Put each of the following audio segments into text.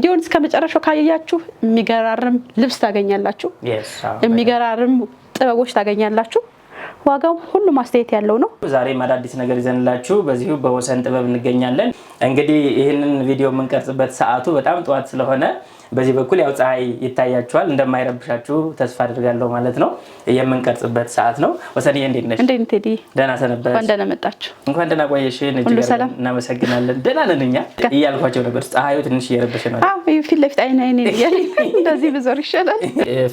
ቪዲዮን እስከ መጨረሻው ካያችሁ የሚገራርም ልብስ ታገኛላችሁ፣ የሚገራርም ጥበቦች ታገኛላችሁ። ዋጋው ሁሉም አስተያየት ያለው ነው። ዛሬም አዳዲስ ነገር ይዘንላችሁ በዚሁ በወሰን ጥበብ እንገኛለን። እንግዲህ ይህንን ቪዲዮ የምንቀርጽበት ሰዓቱ በጣም ጠዋት ስለሆነ በዚህ በኩል ያው ፀሐይ ይታያችኋል። እንደማይረብሻችሁ ተስፋ አድርጋለሁ ማለት ነው። የምንቀርጽበት ሰዓት ነው። ወሰንዬ እንዴት ነሽ? እንዴት ቴዲ፣ ደህና ሰነበት? እንኳን ደህና መጣችሁ፣ እንኳን ደህና ቆየሽን። እጅግ ሰላም እናመሰግናለን። ደህና ነን እኛ እያልኳቸው ነበር። ፀሐዩ ትንሽ እየረበሽ ነው። ፊት ለፊት አይን አይን እንደዚህ ብዞር ይሻላል።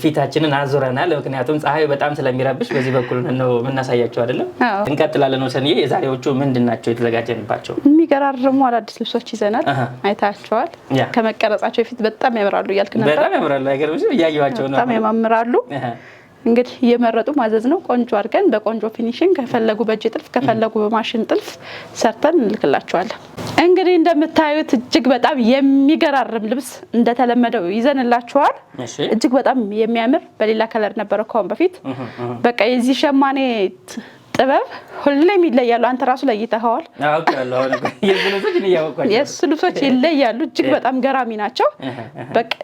ፊታችንን አዙረናል፣ ምክንያቱም ፀሐዩ በጣም ስለሚረብሽ በዚህ በኩል ነው የምናሳያቸው አይደለም። እንቀጥላለን። ወሰንዬ የዛሬዎቹ ምንድን ናቸው የተዘጋጀንባቸው? የሚገራርሙ አዳዲስ ልብሶች ይዘናል። አይታቸዋል። ከመቀረጻቸው በፊት በጣም ያምራሉ እያልክ ነበር። በጣም ያምራሉ፣ እያየኋቸው በጣም ያማምራሉ። እንግዲህ እየመረጡ ማዘዝ ነው። ቆንጆ አድርገን በቆንጆ ፊኒሽንግ ከፈለጉ በእጅ ጥልፍ ከፈለጉ በማሽን ጥልፍ ሰርተን እንልክላቸዋለን። እንግዲህ እንደምታዩት እጅግ በጣም የሚገራርም ልብስ እንደተለመደው ይዘንላችኋል። እጅግ በጣም የሚያምር በሌላ ከለር ነበረ ከሆን በፊት በቃ የዚህ ሸማኔ ጥበብ ሁሌም ይለያሉ። አንተ ራሱ ለይተኸዋል። የእሱ ልብሶች ይለያሉ። እጅግ በጣም ገራሚ ናቸው።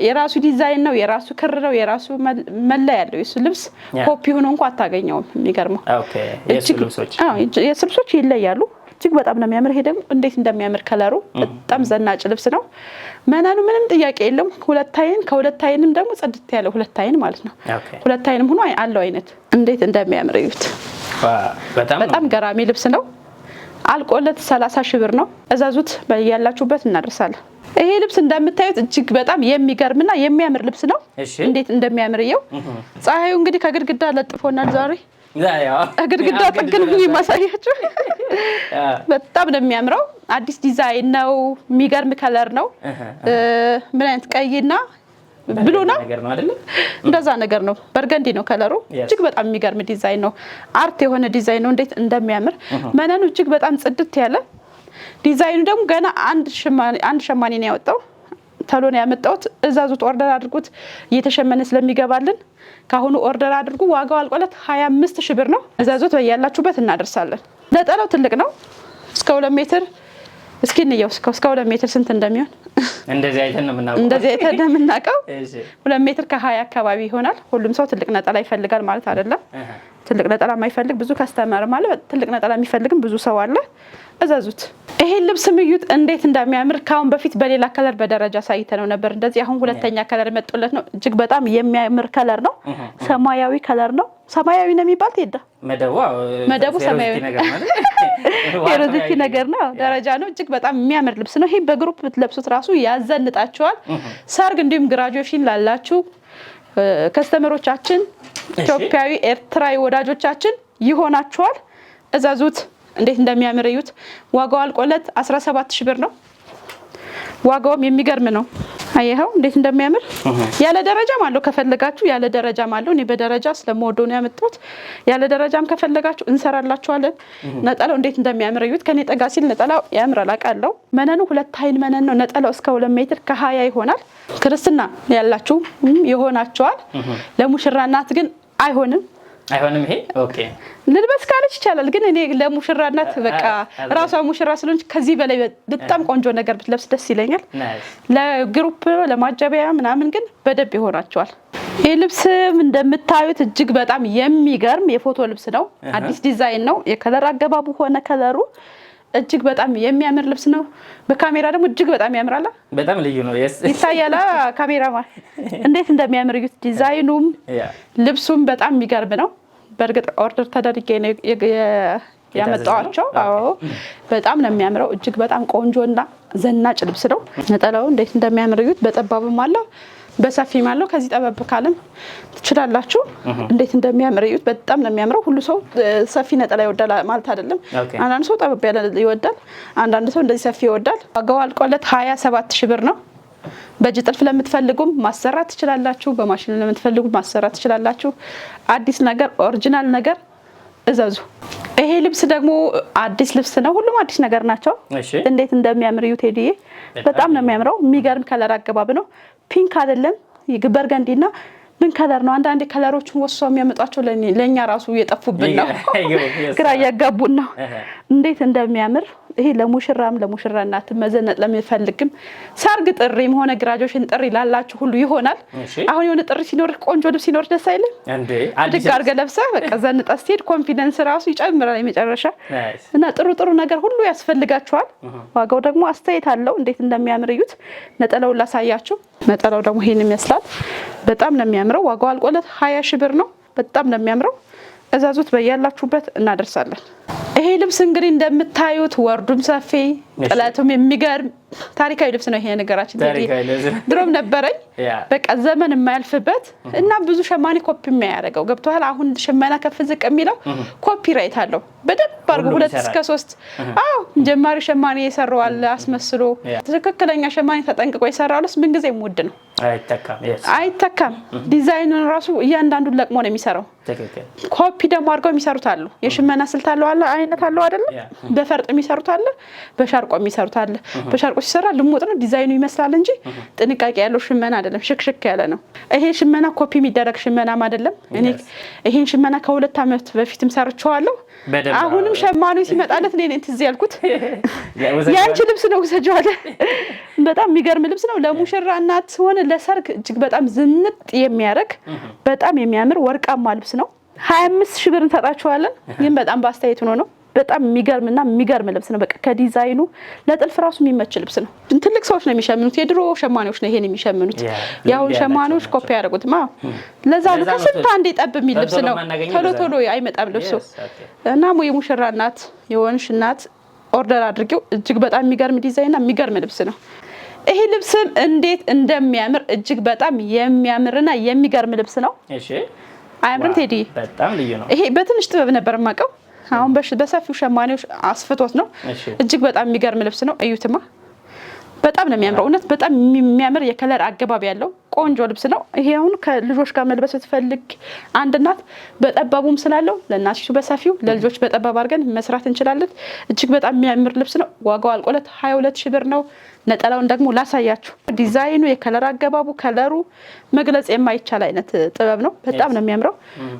የራሱ ዲዛይን ነው፣ የራሱ ክር ነው፣ የራሱ መለያ ያለው የእሱ ልብስ ኮፒ ሆኖ እንኳ አታገኘውም። የሚገርመው የእሱ ልብሶች ይለያሉ። እጅግ በጣም ነው የሚያምር። ይሄ ደግሞ እንዴት እንደሚያምር ከለሩ በጣም ዘናጭ ልብስ ነው። መነኑ ምንም ጥያቄ የለም። ሁለት አይን ከሁለት አይንም ደግሞ ጸድት ያለ ሁለት አይን ማለት ነው። ሁለት አይንም ሆኖ አለው አይነት እንዴት እንደሚያምር እዩት። በጣም ገራሚ ልብስ ነው። አልቆለት ሰላሳ ሺህ ብር ነው። እዛዙት ያላችሁበት እናደርሳለን። ይሄ ልብስ እንደምታዩት እጅግ በጣም የሚገርምና የሚያምር ልብስ ነው። እንዴት እንደሚያምር እየው። ፀሐዩ እንግዲህ ከግድግዳ ለጥፎናል ዛሬ ግድግዳ ጥግል ብዬ ማሳያችሁ በጣም ነው የሚያምረው። አዲስ ዲዛይን ነው። የሚገርም ከለር ነው። ምን አይነት ቀይና ብሉ ነው እንደዛ ነገር ነው። በርገንዲ ነው ከለሩ። እጅግ በጣም የሚገርም ዲዛይን ነው። አርት የሆነ ዲዛይን ነው። እንዴት እንደሚያምር መነኑ እጅግ በጣም ጽድት ያለ ዲዛይኑ ደግሞ ገና አንድ ሸማኔ ነው ያወጣው። ተሎ ነው ያመጣሁት። እዛዙት ኦርደር አድርጉት እየተሸመነ ስለሚገባልን ካሁኑ ኦርደር አድርጉ። ዋጋው አልቆለት 25 ሺህ ብር ነው። እዘዙት፣ በያላችሁበት እናደርሳለን። ነጠላው ትልቅ ነው፣ እስከ ሁለት ሜትር እስኪ እንየው እስከ ሁለት ሜትር ስንት እንደሚሆን እንደዚህ አይተን ነው የምናውቀው። ሁለት ሜትር ከሀያ አካባቢ ይሆናል። ሁሉም ሰው ትልቅ ነጠላ ይፈልጋል ማለት አይደለም። ትልቅ ነጠላ የማይፈልግ ብዙ ከስተመርም አለ። ትልቅ ነጠላ የሚፈልግም ብዙ ሰው አለ። እዘዙት። ይሄን ልብስ ምዩት እንዴት እንደሚያምር ከአሁን በፊት በሌላ ከለር በደረጃ ሳይተ ነው ነበር እንደዚህ። አሁን ሁለተኛ ከለር መጥቶለት ነው። እጅግ በጣም የሚያምር ከለር ነው። ሰማያዊ ከለር ነው። ሰማያዊ ነው የሚባል ሄዳ መደቡ ሰማያዊ የሮዚቲ ነገር ነው፣ ደረጃ ነው። እጅግ በጣም የሚያምር ልብስ ነው። ይሄ በግሩፕ ብትለብሱት ራሱ ያዘንጣቸዋል። ሰርግ እንዲሁም ግራጁዌሽን ላላችሁ ከስተመሮቻችን ኢትዮጵያዊ ኤርትራዊ ወዳጆቻችን ይሆናችኋል። እዘዙት። እንዴት እንደሚያምር እዩት። ዋጋው አልቆለት 17 ሺ ብር ነው። ዋጋውም የሚገርም ነው። አየኸው እንዴት እንደሚያምር ያለ ደረጃም አለው ከፈለጋችሁ፣ ያለ ደረጃም አለው። እኔ በደረጃ ስለምወደው ነው ያመጣሁት። ያለ ደረጃም ከፈለጋችሁ እንሰራላችኋለን። ነጠላው እንዴት እንደሚያምር እዩት። ከኔ ጠጋ ሲል ነጠላው ያምራል አውቃለሁ። መነኑ ሁለት አይን መነን ነው። ነጠላው እስከ ሁለት ሜትር ከሀያ ይሆናል። ክርስትና ያላችሁ ይሆናችኋል። ለሙሽራ እናት ግን አይሆንም። አይሆንም። ይሄ ኦኬ ልልበስ ካለች ይቻላል፣ ግን እኔ ለሙሽራ እናት በቃ ራሷ ሙሽራ ስለሆነች ከዚህ በላይ በጣም ቆንጆ ነገር ብትለብስ ደስ ይለኛል። ለግሩፕ ለማጀቢያ ምናምን ግን በደንብ ይሆናቸዋል። ይህ ልብስም እንደምታዩት እጅግ በጣም የሚገርም የፎቶ ልብስ ነው። አዲስ ዲዛይን ነው። የከለር አገባቡ ሆነ ከለሩ እጅግ በጣም የሚያምር ልብስ ነው። በካሜራ ደግሞ እጅግ በጣም ያምራል። በጣም ልዩ ነው ይታያል። ካሜራ እንዴት እንደሚያምር እዩት። ዲዛይኑም ልብሱም በጣም የሚገርም ነው። በእርግጥ ኦርደር ተደርጌ ነው ያመጣዋቸው። አዎ በጣም ነው የሚያምረው። እጅግ በጣም ቆንጆና ዘናጭ ልብስ ነው። ነጠላው እንዴት እንደሚያምር እዩት። በጠባብም አለው በሰፊ ማለው ከዚህ ጠበብ ካለም ትችላላችሁ። እንዴት እንደሚያምር እዩት። በጣም ነው የሚያምረው። ሁሉ ሰው ሰፊ ነጠላ ይወዳል ማለት አይደለም። አንዳንድ ሰው ጠበብ ያለ ይወዳል፣ አንዳንድ ሰው እንደዚህ ሰፊ ይወዳል። ዋጋው አልቆለት ሀያ ሰባት ሺ ብር ነው። በእጅ ጥልፍ ለምትፈልጉም ማሰራት ትችላላችሁ፣ በማሽን ለምትፈልጉ ማሰራት ትችላላችሁ። አዲስ ነገር ኦሪጂናል ነገር እዘዙ። ይሄ ልብስ ደግሞ አዲስ ልብስ ነው። ሁሉም አዲስ ነገር ናቸው። እንዴት እንደሚያምር እዩ ቴዲዬ፣ በጣም ነው የሚያምረው። የሚገርም ከለር አገባብ ነው። ፒንክ አይደለም በርገንዲ እና ምን ከለር ነው? አንዳንዴ ከለሮችን ወስሰው የሚያመጧቸው ለእኛ ራሱ እየጠፉብን ነው፣ ግራ እያጋቡን ነው እንዴት እንደሚያምር ይሄ ለሙሽራም ለሙሽራ እናትም መዘነጥ ለሚፈልግም ሰርግ ጥሪም ሆነ ግራጆሽን ጥሪ ላላችሁ ሁሉ ይሆናል። አሁን የሆነ ጥሪ ሲኖር ቆንጆ ልብስ ሲኖር ደስ አይልም? ድግ አድርገህ ለብሰህ በቃ ዘንጠ ስትሄድ ኮንፊደንስ ራሱ ይጨምራል። የመጨረሻ እና ጥሩ ጥሩ ነገር ሁሉ ያስፈልጋችኋል። ዋጋው ደግሞ አስተያየት አለው። እንዴት እንደሚያምር እዩት። ነጠላውን ላሳያችሁ። ነጠላው ደግሞ ይሄን ይመስላል። በጣም ነው የሚያምረው። ዋጋው አልቆለት ሀያ ሺህ ብር ነው። በጣም ነው የሚያምረው። እዛዙት በያላችሁበት እናደርሳለን። ይሄ ልብስ እንግዲህ እንደምታዩት ወርዱም ሰፊ ጥለቱም የሚገርም ታሪካዊ ልብስ ነው። ይሄ ነገራችን ድሮም ነበረኝ፣ በቃ ዘመን የማያልፍበት እና ብዙ ሸማኔ ኮፒ የሚያደርገው ገብቶሃል። አሁን ሽመና ከፍ ዝቅ የሚለው ኮፒራይት አለው በደንብ አድርጎ ሁለት እስከ ሶስት አዎ፣ ጀማሪ ሸማኔ የሰራዋል አስመስሎ፣ ትክክለኛ ሸማኔ ተጠንቅቆ የሰራ ልብስ ምንጊዜም ውድ ነው። አይተካም። ዲዛይኑን ራሱ እያንዳንዱን ለቅሞ ነው የሚሰራው። ኮፒ ደግሞ አድርገው የሚሰሩት አሉ። የሽመና ስልት አለው አለ አይነት አለው አደለ? በፈርጥ የሚሰሩት አለ፣ በሻርቆ የሚሰሩት አለ። በሻርቆ ሲሰራ ልሙጥ ነው ዲዛይኑ ይመስላል እንጂ ጥንቃቄ ያለው ሽመና አይደለም። ሽክሽክ ያለ ነው። ይሄ ሽመና ኮፒ የሚደረግ ሽመናም አደለም። እኔ ይሄን ሽመና ከሁለት ዓመት በፊትም ሰርቼዋለሁ። አሁንም ሸማኑ ሲመጣለት እኔ ትዝ ያልኩት ያንቺ ልብስ ነው ውሰጂዋለሁ በጣም የሚገርም ልብስ ነው። ለሙሽራ እናት ሆነ ለሰርግ እጅግ በጣም ዝንጥ የሚያደርግ በጣም የሚያምር ወርቃማ ልብስ ነው። ሀያ አምስት ሺህ ብር እንሰጣችኋለን። ይህም በጣም በአስተያየት ሆኖ ነው። በጣም የሚገርምና የሚገርም ልብስ ነው። በቃ ከዲዛይኑ ለጥልፍ ራሱ የሚመች ልብስ ነው። ትልቅ ሰዎች ነው የሚሸምኑት። የድሮ ሸማኔዎች ነው ይሄን የሚሸምኑት። የአሁን ሸማኔዎች ኮፒ ማ ለዛ ነው ከስንት አንዴ ጠብ የሚል ልብስ ነው። ቶሎ ቶሎ አይመጣም ልብሱ እና የሙሽራ እናት የሆንሽ እናት ኦርደር አድርጌው እጅግ በጣም የሚገርም ዲዛይንና የሚገርም ልብስ ነው። ይሄ ልብስም እንዴት እንደሚያምር እጅግ በጣም የሚያምርና የሚገርም ልብስ ነው። አያምርም ቴዲ? በጣም ልዩ ነው። ይሄ በትንሽ ጥበብ ነበር የማውቀው። አሁን በሰፊው ሸማኔዎች አስፍቶት ነው። እጅግ በጣም የሚገርም ልብስ ነው። እዩትማ በጣም ነው የሚያምረው። እውነት በጣም የሚያምር የከለር አገባብ ያለው ቆንጆ ልብስ ነው። ይሄ አሁን ከልጆች ጋር መልበስ ብትፈልግ አንድ እናት በጠባቡም ስላለው ለእናቲቱ በሰፊው ለልጆች በጠባብ አድርገን መስራት እንችላለን። እጅግ በጣም የሚያምር ልብስ ነው። ዋጋው አልቆለት ሀያ ሁለት ሺ ብር ነው። ነጠላውን ደግሞ ላሳያችሁ። ዲዛይኑ፣ የከለር አገባቡ፣ ከለሩ መግለጽ የማይቻል አይነት ጥበብ ነው። በጣም ነው የሚያምረው።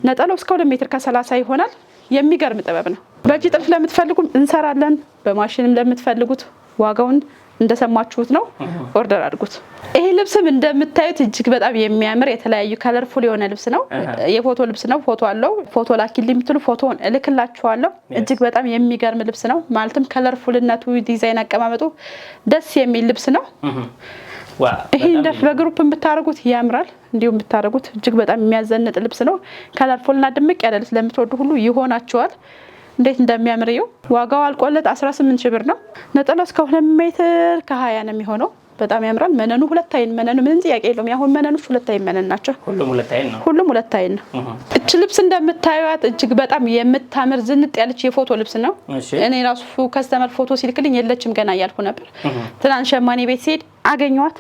ነጠላው እስከ ሁለት ሜትር ከሰላሳ ይሆናል። የሚገርም ጥበብ ነው። በእጅ ጥልፍ ለምትፈልጉም እንሰራለን። በማሽንም ለምትፈልጉት ዋጋውን እንደሰማችሁት ነው። ኦርደር አድርጉት። ይሄ ልብስም እንደምታዩት እጅግ በጣም የሚያምር የተለያዩ ከለርፉል የሆነ ልብስ ነው። የፎቶ ልብስ ነው። ፎቶ አለው። ፎቶ ላኪል የምትሉ ፎቶን እልክላችኋለሁ። እጅግ በጣም የሚገርም ልብስ ነው። ማለትም ከለርፉልነቱ፣ ዲዛይን አቀማመጡ ደስ የሚል ልብስ ነው። ይሄ እንደ በግሩፕ ብታደርጉት ያምራል። እንዲሁም ብታደርጉት እጅግ በጣም የሚያዘንጥ ልብስ ነው። ከለርፉልና ድምቅ ያለ ልብስ ለምትወዱ ሁሉ ይሆናቸዋል። እንዴት እንደሚያምር ዋጋው አልቆለት 18 ሺ ብር ነው። ነጠላው እስከ 2 ሜትር ከ20 ነው የሚሆነው በጣም ያምራል። መነኑ ሁለት አይን መነኑ ምንም ጥያቄ የለውም። ያሁን መነኖች ሁለት አይን መነን ናቸው። ሁሉም ሁለት አይን ነው። እች ልብስ እንደምታዩት እጅግ በጣም የምታምር ዝንጥ ያለች የፎቶ ልብስ ነው። እኔ ራሱ ከስተመር ፎቶ ሲልክልኝ የለችም ገና እያልኩ ነበር። ትናንት ሸማኔ ቤት ሲሄድ አገኘዋት።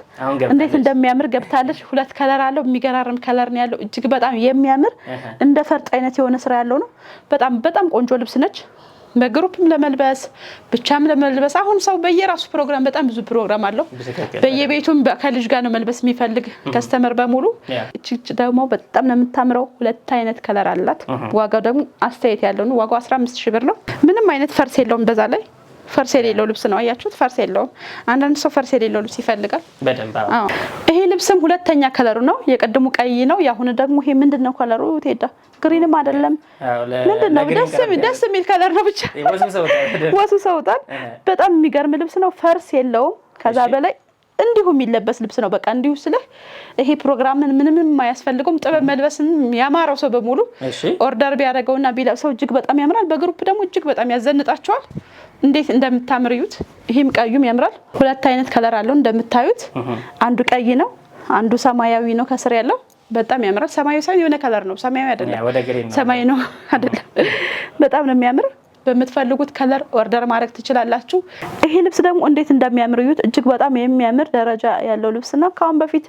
እንዴት እንደሚያምር ገብታለች። ሁለት ከለር አለው። የሚገራርም ከለር ነው ያለው። እጅግ በጣም የሚያምር እንደ ፈርጥ አይነት የሆነ ስራ ያለው ነው። በጣም በጣም ቆንጆ ልብስ ነች። በግሩፕም ለመልበስ ብቻም ለመልበስ አሁን ሰው በየራሱ ፕሮግራም በጣም ብዙ ፕሮግራም አለው። በየቤቱም ከልጅ ጋር ነው መልበስ የሚፈልግ ከስተመር በሙሉ። እች ደግሞ በጣም ነው የምታምረው። ሁለት አይነት ከለር አላት። ዋጋው ደግሞ አስተያየት ያለው ነው። ዋጋው 15 ሺ ብር ነው። ምንም አይነት ፈርስ የለውም በዛ ላይ ፈርስ የሌለው ልብስ ነው። አያችሁት? ፈርስ የለውም። አንዳንድ ሰው ፈርስ የሌለው ልብስ ይፈልጋል። ይሄ ልብስም ሁለተኛ ከለሩ ነው። የቀድሙ ቀይ ነው። የአሁኑ ደግሞ ይሄ ምንድን ነው ከለሩ? ቴዳ ግሪንም አይደለም ምንድን ነው? ደስ የሚል ከለር ነው። ብቻ ወሱ ሰውጣል። በጣም የሚገርም ልብስ ነው። ፈርስ የለውም። ከዛ በላይ እንዲሁ የሚለበስ ልብስ ነው። በቃ እንዲሁ ስልህ ይሄ ፕሮግራምን ምንም አያስፈልገውም። ጥበብ መልበስን ያማረው ሰው በሙሉ ኦርደር ቢያደርገውና ቢለብሰው እጅግ በጣም ያምራል። በግሩፕ ደግሞ እጅግ በጣም ያዘንጣቸዋል። እንዴት እንደምታምርዩት ይህም ቀዩም ያምራል። ሁለት አይነት ከለር አለው እንደምታዩት። አንዱ ቀይ ነው፣ አንዱ ሰማያዊ ነው ከስር ያለው በጣም ያምራል። ሰማያዊ ሳይሆን የሆነ ከለር ነው። ሰማያዊ አይደለም፣ ሰማይ ነው አይደለም። በጣም ነው የሚያምር በምትፈልጉት ከለር ኦርደር ማድረግ ትችላላችሁ። ይሄ ልብስ ደግሞ እንዴት እንደሚያምር እዩት። እጅግ በጣም የሚያምር ደረጃ ያለው ልብስ ነው። ከአሁን በፊት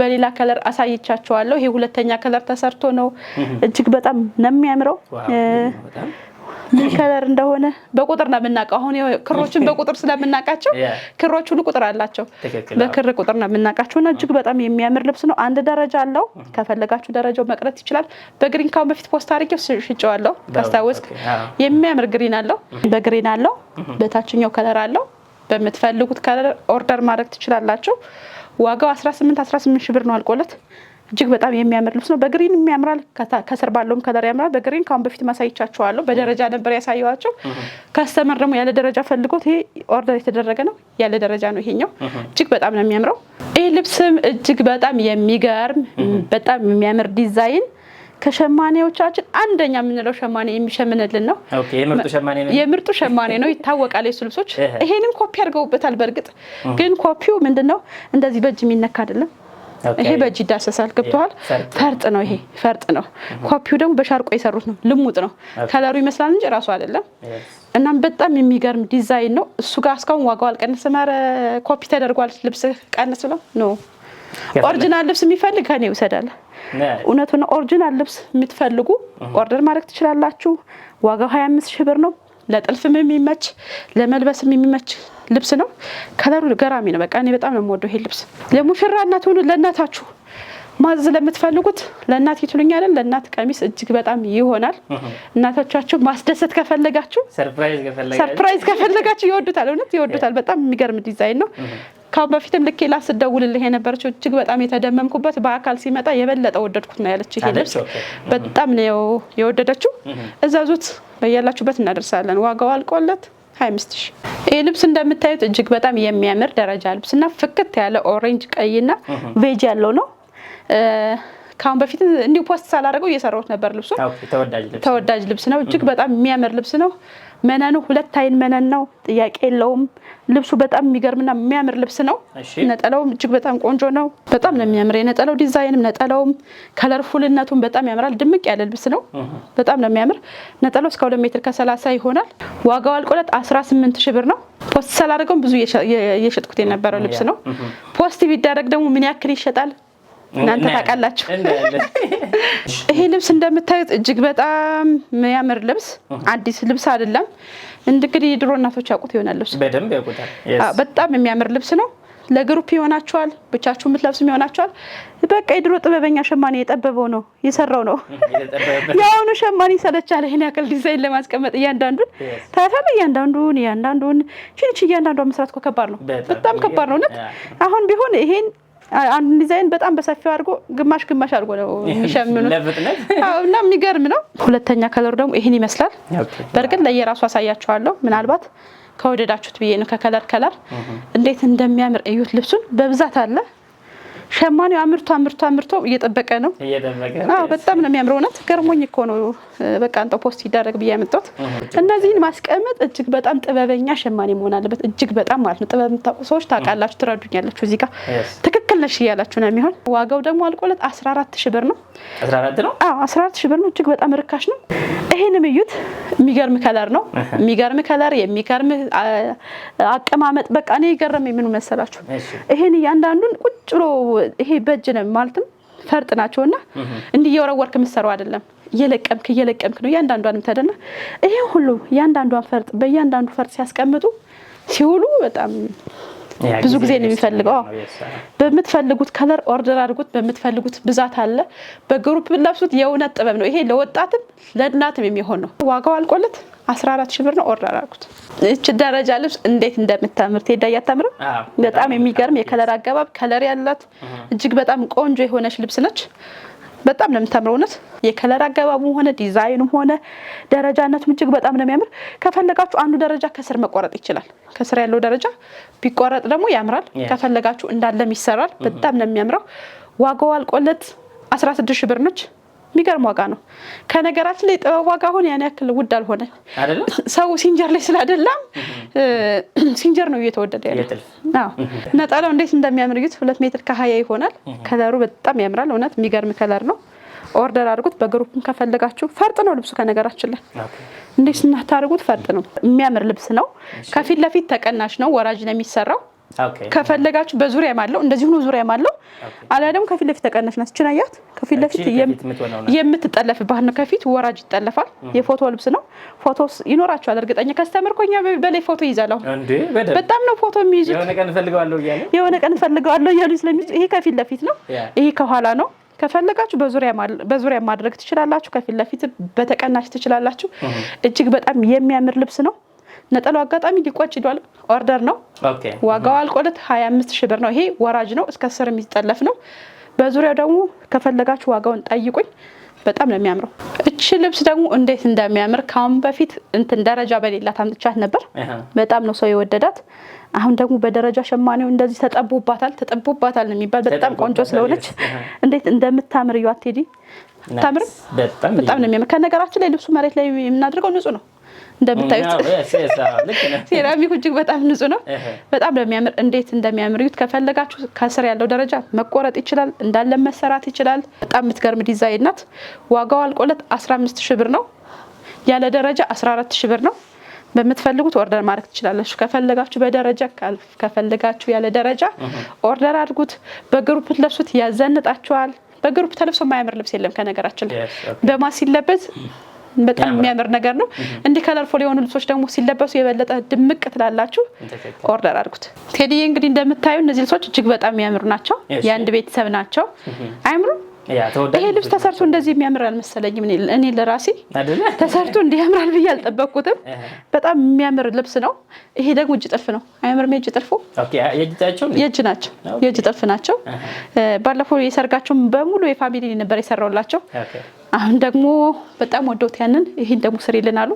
በሌላ ከለር አሳይቻችኋለሁ። ይሄ ሁለተኛ ከለር ተሰርቶ ነው። እጅግ በጣም ነው የሚያምረው። ምን ከለር እንደሆነ በቁጥር ነው የምናውቀው። አሁን ክሮችን በቁጥር ስለምናውቃቸው ክሮች ሁሉ ቁጥር አላቸው። በክር ቁጥር ነው የምናውቃቸው እና እጅግ በጣም የሚያምር ልብስ ነው። አንድ ደረጃ አለው። ከፈለጋችሁ ደረጃው መቅረት ይችላል። በግሪን ካሁን በፊት ፖስት አድርጌው ሽጨዋለሁ ካስታወስክ። የሚያምር ግሪን አለው፣ በግሪን አለው፣ በታችኛው ከለር አለው። በምትፈልጉት ከለር ኦርደር ማድረግ ትችላላችሁ። ዋጋው 18 18 ሺህ ብር ነው አልቆለት እጅግ በጣም የሚያምር ልብስ ነው። በግሪን የሚያምራል፣ ከስር ባለውም ከለር ያምራል። በግሪን ከአሁን በፊት ማሳይቻቸዋለሁ። በደረጃ ነበር ያሳየኋቸው። ከስተመር ደግሞ ያለ ደረጃ ፈልጎት ይሄ ኦርደር የተደረገ ነው። ያለ ደረጃ ነው ይሄኛው። እጅግ በጣም ነው የሚያምረው። ይህ ልብስም እጅግ በጣም የሚገርም በጣም የሚያምር ዲዛይን ከሸማኔዎቻችን አንደኛ የምንለው ሸማኔ የሚሸምንልን ነው። የምርጡ ሸማኔ ነው፣ ይታወቃል የሱ ልብሶች። ይሄንም ኮፒ አድርገውበታል። በእርግጥ ግን ኮፒው ምንድን ነው እንደዚህ በእጅ የሚነካ አይደለም። ይሄ በእጅ ይዳሰሳል። ገብተዋል። ፈርጥ ነው ይሄ mm-hmm. ፈርጥ ነው። mm-hmm. ኮፒው ደግሞ በሻርቆ የሰሩት ነው። ልሙጥ ነው። ከለሩ ይመስላል እንጂ ራሱ አይደለም። እናም በጣም የሚገርም ዲዛይን ነው። እሱ ጋር እስካሁን ዋጋው አልቀንስም። ኧረ ኮፒ ተደርጓል። ልብስ ቀንስ ብለው ኖ ኦሪጂናል ልብስ የሚፈልግ ከኔ ይውሰዳል። ነው። ኦሪጂናል ልብስ የምትፈልጉ mm-hmm. ኦርደር ማድረግ ትችላላችሁ። ዋጋው 25 ሺህ ብር ነው። ለጥልፍም የሚመች ለመልበስም የሚመች ልብስ ነው። ከለሩ ገራሚ ነው። በቃ እኔ በጣም ነው የምወደው ይሄ ልብስ። ለሙሽራ እናት ሆኑ ለእናታችሁ ማዘዝ ለምትፈልጉት ለእናት ይትሉኛለን። ለእናት ቀሚስ እጅግ በጣም ይሆናል። እናቶቻችሁ ማስደሰት ከፈለጋችሁ፣ ሰርፕራይዝ ከፈለጋችሁ ይወዱታል። እውነት ይወዱታል። በጣም የሚገርም ዲዛይን ነው። ካሁን በፊትም ልኬ ላስ ደውልልህ የነበረችው እጅግ በጣም የተደመምኩበት በአካል ሲመጣ የበለጠ ወደድኩት ነው ያለች። ይሄ ልብስ በጣም ነው የወደደችው። እዘዙት። በያላችሁበት እናደርሳለን። ዋጋው አልቆለት ሀያ ሺ ይህ ልብስ እንደምታዩት እጅግ በጣም የሚያምር ደረጃ እና ፍክት ያለ ኦሬንጅ ቀይና ቬጅ ያለው ነው። ከአሁን በፊት እንዲሁ ፖስት ሳላደርገው እየሰራሁት ነበር። ልብሱ ተወዳጅ ልብስ ነው። እጅግ በጣም የሚያምር ልብስ ነው። መነኑ ሁለት አይን መነን ነው፣ ጥያቄ የለውም። ልብሱ በጣም የሚገርምና የሚያምር ልብስ ነው። ነጠላውም እጅግ በጣም ቆንጆ ነው። በጣም ነው የሚያምር የነጠላው ዲዛይንም ነጠላውም ከለርፉልነቱም በጣም ያምራል። ድምቅ ያለ ልብስ ነው። በጣም ነው የሚያምር። ነጠላው እስከ ሁለት ሜትር ከሰላሳ ይሆናል። ዋጋው አልቆለት 18 ሺህ ብር ነው። ፖስት ስላደረገውም ብዙ የሸጥኩት የነበረው ልብስ ነው። ፖስት ቢደረግ ደግሞ ምን ያክል ይሸጣል? እናንተ ታውቃላችሁ። ይሄ ልብስ እንደምታዩት እጅግ በጣም የሚያምር ልብስ፣ አዲስ ልብስ አይደለም። እንግዲህ የድሮ እናቶች ያውቁት ይሆናል። ልብስ በደንብ ያውቁታል። በጣም የሚያምር ልብስ ነው። ለግሩፕ ይሆናችኋል፣ ብቻችሁ የምትለብሱም ይሆናችኋል። በቃ የድሮ ጥበበኛ ሸማኔ የጠበበው ነው የሰራው ነው። የአሁኑ ሸማኔ ይሰለቻል። ይህን ያክል ዲዛይን ለማስቀመጥ እያንዳንዱን ታታል እያንዳንዱን እያንዳንዱን ችንች እያንዳንዷ መስራት እኮ ከባድ ነው፣ በጣም ከባድ ነው እውነት። አሁን ቢሆን ይሄን አንድ ዲዛይን በጣም በሰፊው አድርጎ ግማሽ ግማሽ አድርጎ ነው የሚሸምኑት እና የሚገርም ነው። ሁለተኛ ከለሩ ደግሞ ይህን ይመስላል። በእርግጥ ለየራሱ አሳያችኋለሁ። ምናልባት ከወደዳችሁት ብዬ ነው። ከከለር ከለር እንዴት እንደሚያምር እዩት። ልብሱን በብዛት አለ። ሸማኔው አምርቶ አምርቶ አምርቶ እየጠበቀ ነው። በጣም ነው የሚያምረው። እውነት ገርሞኝ እኮ ነው በቃ እንጠው ፖስት ይደረግ ብዬ ያመጣሁት። እነዚህን ማስቀመጥ እጅግ በጣም ጥበበኛ ሸማኔ መሆን አለበት። እጅግ በጣም ማለት ነው። ጥበብ ሰዎች ታውቃላችሁ፣ ትረዱኛላችሁ እዚህ ጋር ትክክል ነሽ እያላችሁ ነው የሚሆን። ዋጋው ደግሞ አልቆለት 14 ሺ ብር ነው። 14 ሺ ብር ነው። እጅግ በጣም ርካሽ ነው። ይሄንም እዩት። የሚገርም ከለር ነው። የሚገርም ከለር፣ የሚገርም አቀማመጥ። በቃ እኔ ገረም የምኑ መሰላችሁ ይሄን እያንዳንዱን ቁጭ ብሎ ይሄ በእጅ ነው ማለትም ፈርጥ ናቸው እና እንዲህ እየወረወርክ የምትሰራው አይደለም። እየለቀምክ እየለቀምክ ነው እያንዳንዷን ተደና ይሄ ሁሉ እያንዳንዷን ፈርጥ በእያንዳንዱ ፈርጥ ሲያስቀምጡ ሲውሉ በጣም ብዙ ጊዜ ነው የሚፈልገው። በምትፈልጉት ከለር ኦርደር አድርጉት፣ በምትፈልጉት ብዛት አለ። በግሩፕ ለብሱት። የእውነት ጥበብ ነው ይሄ፣ ለወጣትም ለእናትም የሚሆን ነው። ዋጋው አልቆለት 14 ሺህ ብር ነው። ኦርደር አድርጉት። እች ደረጃ ልብስ እንዴት እንደምታምር ቴዳ እያታምርም። በጣም የሚገርም የከለር አገባብ ከለር ያላት እጅግ በጣም ቆንጆ የሆነች ልብስ ነች። በጣም ነው የምታምረው። እውነት የከለር አገባቡ ሆነ ዲዛይኑም ሆነ ደረጃነቱም እጅግ በጣም ነው የሚያምር። ከፈለጋችሁ አንዱ ደረጃ ከስር መቆረጥ ይችላል። ከስር ያለው ደረጃ ቢቆረጥ ደግሞ ያምራል። ከፈለጋችሁ እንዳለም ይሰራል። mm-hmm. በጣም ነው የሚያምረው። ዋጋው አልቆለት 16 ሺህ ብር ነች። የሚገርም ዋጋ ነው። ከነገራችን ላይ ጥበብ ዋጋ አሁን ያን ያክል ውድ አልሆነ ሰው ሲንጀር ላይ ስላደላም mm-hmm. ሲንጀር ነው እየተወደደ ያለ። ነጠላው እንዴት እንደሚያምር እዩት። ሁለት ሜትር ከሀያ ይሆናል። ከለሩ በጣም ያምራል። እውነት የሚገርም ከለር ነው። ኦርደር አድርጉት። በግሩፕም ከፈለጋችሁ ፈርጥ ነው ልብሱ። ከነገራችን ላይ እንዴት ስናታርጉት ፈርጥ ነው። የሚያምር ልብስ ነው። ከፊት ለፊት ተቀናሽ ነው። ወራጅ ነው የሚሰራው ከፈለጋችሁ በዙሪያ ማለው እንደዚህ ሆኖ ዙሪያ ማለው አላ ደግሞ ከፊት ለፊት ተቀነሽ ናት። እችን አያት ከፊት ለፊት የምትጠለፍ ባህል ነው። ከፊት ወራጅ ይጠለፋል። የፎቶ ልብስ ነው። ፎቶ ይኖራቸዋል። እርግጠኛ ከስተምር ኮኛ በላይ ፎቶ ይዛለሁ። በጣም ነው ፎቶ የሚይዙት። የሆነ ቀን ፈልገዋለሁ እያሉ ስለሚይዙ ይሄ ከፊት ለፊት ነው። ይሄ ከኋላ ነው። ከፈለጋችሁ በዙሪያ ማድረግ ትችላላችሁ። ከፊት ለፊት በተቀናሽ ትችላላችሁ። እጅግ በጣም የሚያምር ልብስ ነው። ነጠላው አጋጣሚ ሊቋጭ ዷል። ኦርደር ነው ዋጋው አልቆለት 25 ሺህ ብር ነው። ይሄ ወራጅ ነው እስከ ስር የሚጠለፍ ነው። በዙሪያው ደግሞ ከፈለጋችሁ ዋጋውን ጠይቁኝ። በጣም ነው የሚያምረው። እቺ ልብስ ደግሞ እንዴት እንደሚያምር ከአሁን በፊት እንትን ደረጃ በሌላት አምጥቻት ነበር። በጣም ነው ሰው የወደዳት። አሁን ደግሞ በደረጃ ሸማኔው እንደዚህ ተጠቡባታል። ተጠቡባታል ነው የሚባል በጣም ቆንጆ ስለሆነች እንዴት እንደምታምር ዩ አትሄዲ ታምርም። በጣም ነው የሚያምር። ከነገራችን ላይ ልብሱ መሬት ላይ የምናደርገው ንጹህ ነው እንደምታዩት ሴራሚኩ እጅግ በጣም ንጹህ ነው። በጣም ለሚያምር እንዴት እንደሚያምር ዩት ከፈለጋችሁ ከስር ያለው ደረጃ መቆረጥ ይችላል፣ እንዳለ መሰራት ይችላል። በጣም የምትገርም ዲዛይን ናት። ዋጋው አልቆለት 15 ሺህ ብር ነው። ያለ ደረጃ 14 ሺህ ብር ነው። በምትፈልጉት ኦርደር ማድረግ ትችላላችሁ። ከፈለጋችሁ በደረጃ ከፈለጋችሁ ያለ ደረጃ ኦርደር አድርጉት። በግሩፕ ለብሱት ያዘንጣችኋል። በግሩፕ ተለብሶ የማያምር ልብስ የለም። ከነገራችን በማ ሲለበት በጣም የሚያምር ነገር ነው። እንዲህ ከለርፎል የሆኑ ልብሶች ደግሞ ሲለበሱ የበለጠ ድምቅ ትላላችሁ። ኦርደር አድርጉት። ቴዲ እንግዲህ እንደምታዩ እነዚህ ልብሶች እጅግ በጣም የሚያምሩ ናቸው። የአንድ ቤተሰብ ናቸው። አይምሩም? ይሄ ልብስ ተሰርቶ እንደዚህ የሚያምር አልመሰለኝም። እኔ ለራሴ ተሰርቶ እንዲህ ያምራል ብዬ አልጠበቅኩትም። በጣም የሚያምር ልብስ ነው። ይሄ ደግሞ እጅ ጥልፍ ነው። አያምርም? የእጅ ጥልፉ የእጅ ናቸው፣ የእጅ ጥልፍ ናቸው። ባለፈው የሰርጋቸውን በሙሉ የፋሚሊ ነበር የሰራውላቸው አሁን ደግሞ በጣም ወዶት ያንን ይህን ደግሞ ስሪልን አሉ።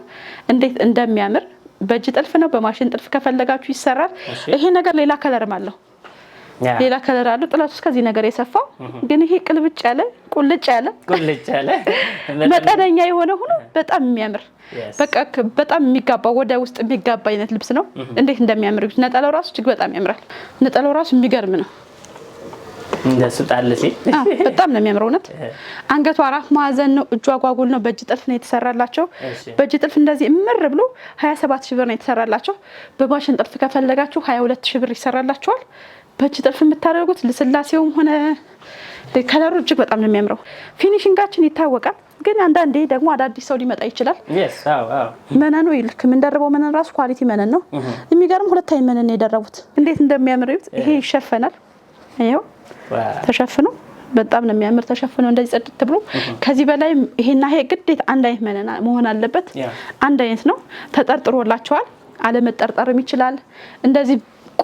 እንዴት እንደሚያምር በእጅ ጥልፍ ነው፣ በማሽን ጥልፍ ከፈለጋችሁ ይሰራል። ይሄ ነገር ሌላ ከለርም አለው ሌላ ከለር አለው። ጥለቱ እስከዚህ ነገር የሰፋው ግን ይሄ ቅልብጭ ያለ ቁልጭ ያለ ቁልጭ ያለ መጠነኛ የሆነ ሆኖ በጣም የሚያምር በቃ በጣም የሚጋባ ወደ ውስጥ የሚጋባ አይነት ልብስ ነው። እንዴት እንደሚያምር ነጠላው ራሱ እጅግ በጣም ያምራል። ነጠላው ራሱ የሚገርም ነው። እንደሱ ጣል ሲል በጣም ነው የሚያምረው። እውነት አንገቷ አራት ማዕዘን ነው፣ እጇ አጓጉል ነው። በእጅ ጥልፍ ነው የተሰራላቸው። በእጅ ጥልፍ እንደዚህ እምር ብሎ 27 ሺህ ብር ነው የተሰራላቸው። በማሽን ጥልፍ ከፈለጋችሁ 22 ሺህ ብር ይሰራላቸዋል። በእጅ ጥልፍ የምታደርጉት ልስላሴውም ሆነ ከለሩ እጅግ በጣም ነው የሚያምረው። ፊኒሽንጋችን ይታወቃል። ግን አንዳንዴ ደግሞ አዳዲስ ሰው ሊመጣ ይችላል። መነኑ ይልክ የምንደርበው መነን ራሱ ኳሊቲ መነን ነው። የሚገርም ሁለት አይ መነን የደረቡት እንዴት እንደሚያምር ይሄ ይሸፈናል። ይኸው ተሸፍኖ በጣም ነው የሚያምር ተሸፍኖ እንደዚህ ጸድት ብሎ ከዚህ በላይ ይሄና ይሄ ግዴታ አንድ አይነት መሆን አለበት። አንድ አይነት ነው ተጠርጥሮላቸዋል። አለመጠርጠርም ይችላል። እንደዚህ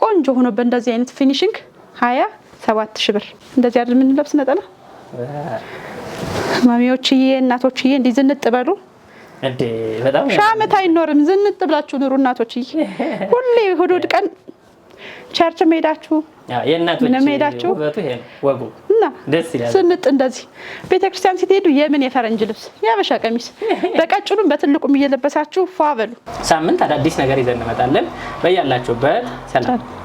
ቆንጆ ሆኖ በእንደዚህ አይነት ፊኒሽንግ ሀያ ሰባት ሺ ብር እንደዚህ አይደል የምንለብስ ነጠላ። ማሚዎችዬ እናቶችዬ እንዲህ ዝንጥ በሉ። ሻመት አይኖርም። ዝንጥ ብላችሁ ኑሩ እናቶችዬ። ሁሌ እሑድ ቀን ቸርች መሄዳችሁ ምንም ሄዳችሁ ስንጥ እንደዚህ ቤተክርስቲያን ስትሄዱ የምን የፈረንጅ ልብስ የአበሻ ቀሚስ በቀጭኑም በትልቁም እየለበሳችሁ ፏ በሉ። ሳምንት አዳዲስ ነገር ይዘን እንመጣለን። በያላችሁበት ሰላም